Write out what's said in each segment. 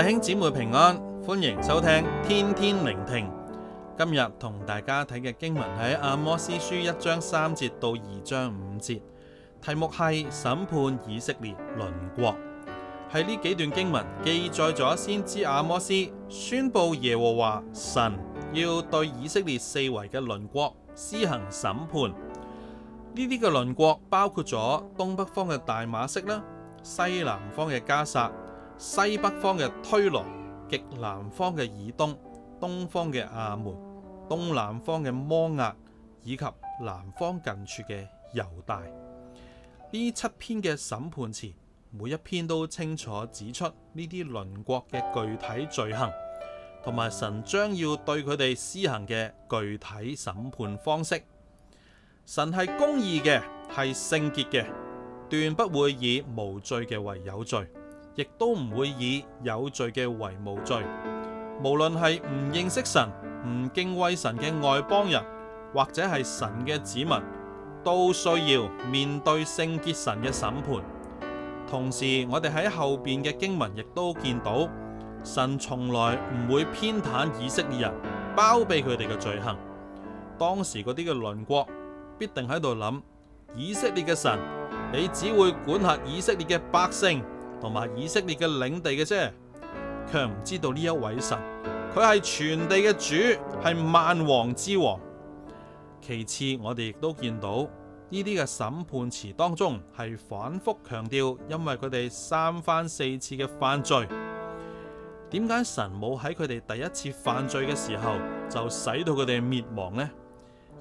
弟兄姊妹平安，歡迎收聽天天靈聽。今日同大家睇嘅經文喺阿摩司書一章三節到二章五節，題目係審判以色列鄰國。喺呢幾段經文記載咗先知阿摩司宣佈耶和華神要對以色列四圍嘅鄰國施行審判。呢啲嘅鄰國包括咗東北方嘅大馬色啦，西南方嘅迦薩。西北方嘅推羅，極南方嘅以東，東方嘅亞捫，東南方嘅摩押，以及南方近處嘅猶大，呢七篇嘅審判詞，每一篇都清楚指出呢啲鄰國嘅具體罪行，同埋神將要對佢哋施行嘅具體審判方式。神係公義嘅，係聖潔嘅，斷不會以無罪嘅為有罪。亦都唔會以有罪嘅為無罪，無論係唔認識神、唔敬畏神嘅外邦人，或者係神嘅子民，都需要面對聖潔神嘅審判。同時，我哋喺後邊嘅經文亦都見到，神從來唔會偏袒以色列人，包庇佢哋嘅罪行。當時嗰啲嘅鄰國必定喺度諗：以色列嘅神，你只會管轄以色列嘅百姓。同埋以色列嘅領地嘅啫，卻唔知道呢一位神，佢係全地嘅主，係萬王之王。其次，我哋亦都見到呢啲嘅審判詞當中係反覆強調，因為佢哋三番四次嘅犯罪，點解神冇喺佢哋第一次犯罪嘅時候就使到佢哋滅亡呢？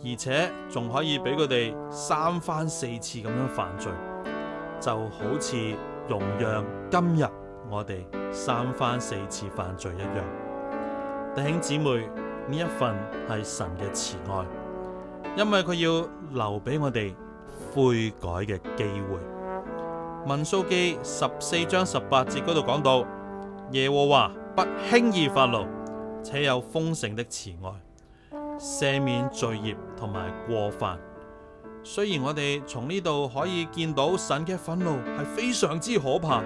而且仲可以俾佢哋三番四次咁樣犯罪，就好似容讓今日我哋三番四次犯罪一樣，弟兄姊妹，呢一份係神嘅慈愛，因為佢要留俾我哋悔改嘅機會。民數記十四章十八節嗰度講到：耶和華不輕易發怒，且有豐盛的慈愛，赦免罪孽同埋過犯。雖然我哋從呢度可以見到神嘅憤怒係非常之可怕，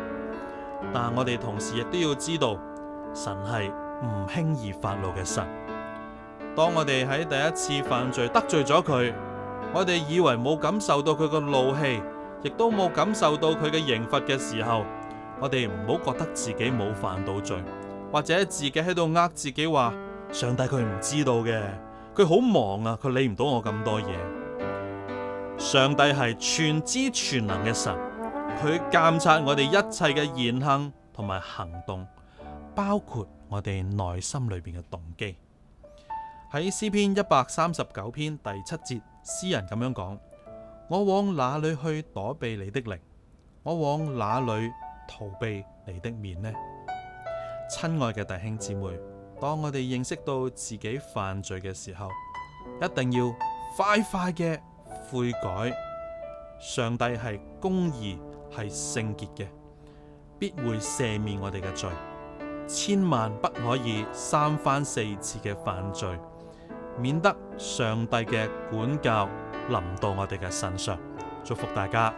但我哋同時亦都要知道，神係唔輕易發怒嘅神。當我哋喺第一次犯罪得罪咗佢，我哋以為冇感受到佢嘅怒氣，亦都冇感受到佢嘅刑罰嘅時候，我哋唔好覺得自己冇犯到罪，或者自己喺度呃自己話，上帝佢唔知道嘅，佢好忙啊，佢理唔到我咁多嘢。上帝係全知全能嘅神，佢監察我哋一切嘅言行同埋行動，包括我哋內心裏邊嘅動機。喺詩篇一百三十九篇第七節，詩人咁樣講：「我往哪裏去躲避你的靈？我往哪裏逃避你的面呢？親愛嘅弟兄姊妹，當我哋認識到自己犯罪嘅時候，一定要快快嘅悔改，上帝係公義係聖潔嘅，必會赦免我哋嘅罪，千萬不可以三番四次嘅犯罪，免得上帝嘅管教臨到我哋嘅身上。祝福大家。